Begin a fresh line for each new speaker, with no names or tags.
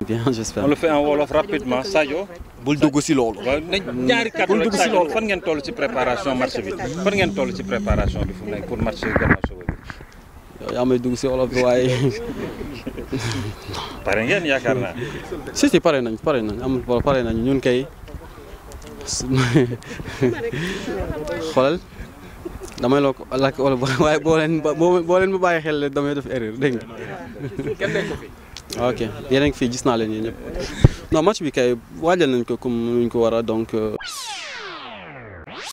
bien j'espère.
on le fait en bul dugg si loolu. waaw ñaari kàddu la si loolu fan ngeen toll ci préparation match bi fan ngeen toll ci préparation bi fu mu nekk pour match gannaaw bi.
yow dugg si wolof bi waaye. pare ngeen yaakaar naa. si si pare nañ pare nañ amul pare nañ ñun kay xoolal. damay loo ko làkk wala waaye boo leen boo leen ma bàyyi xel damay def erreur dégg nga.
kenn nekk
ok yéen a ngi fii gis naa leen yéen ñëpp
non match bi kay waajal nañ ko comme nuñ ko war a donc. Euh,